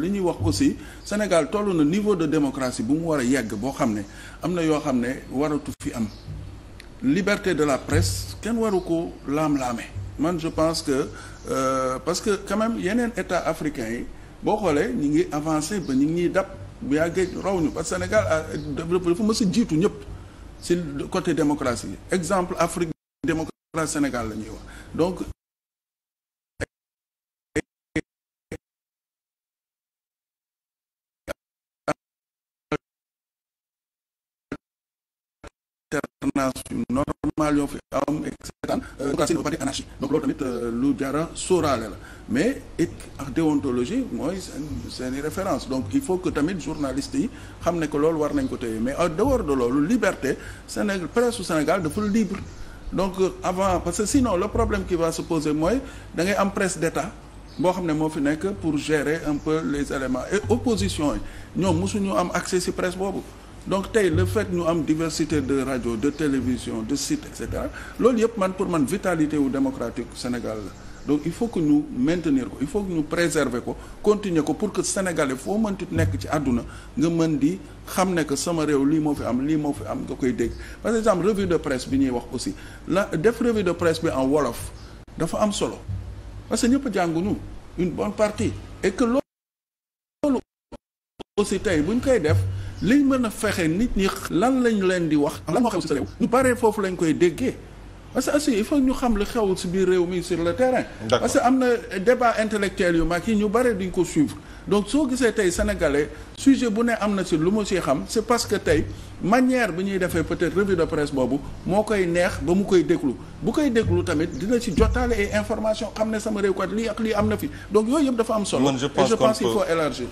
li ñuy wax aussi Sénégal toll na niveau de démocratie bu mu war a yegg boo xam ne am na yoo xam ne waratu fi am liberté de la presse kenn waru ko laam-laame man je pense que euh, parce que quand yeneen état africain yi boo xoolee ñu ngi avancé ba ñu ngi ñuy dab bu yàggee raw ñu parce Sénégal ah, dafa mës a jiitu ñëpp si côté démocratie exemple Afrique démocratie Sénégal la wax donc alternance yu normal yoo fi am et cetera démocratie euh, n'est anarchie donc loolu tamit euh, lu jara sóoraale la mais it ak déontologie mooy seen seen i référence donc il faut que tamit journaliste yi xam ne ko loolu war nañ ko téye mais en dehors de loolu liberté Sénégal presse au Sénégal dafa libre donc euh, avant parce que sinon le problème qui va se poser mooy dangay ngay am presse d'État boo xam ne moo fi nekk pour gérer un peu les éléments et opposition yi ñoom mosuñu am accès ci presse boobu donc tey le fait ñu am diversité de radio de télévision de site et loolu yëpp man pour man vitalité wu démocratique Sénégal la donc il faut que ñu maintenir ko il faut que ñu préserver ko continuer ko pour que sénégalais foo mënti nekk ci àdduna nga mën di xam ne que sama réew lii moo fi am lii moo fi am nga koy dégg par exemple revue de presse bi ñuy wax aussi la def revue de presse bi en wolof dafa am solo parce que ñëpp jànguñu une bon partie et que tey bu ñu koy def liñ mën na fexe nit ñi lan lañ leen di wax lan moo xew si sa réew ñu paree foofu lañ koy déggee parce que aussi il faut ñu xam li xew si biir réew mi sur le terrain parce que am na débat intellectuel yu mag yi ñu bare duñ ko suivre donc soo gisee tey sénégalais sujet bu ne am na si lu mu si xam c'est parce que tey manière bi ñuy defee peut-être revue de boobu moo koy neex ba mu koy déglu bu koy déglu tamit dina ci jottaale ay information xam ne sama réew kat lii li lii am na fi donc yooyu yëpp dafa am solo et je pense qu'il faut élargir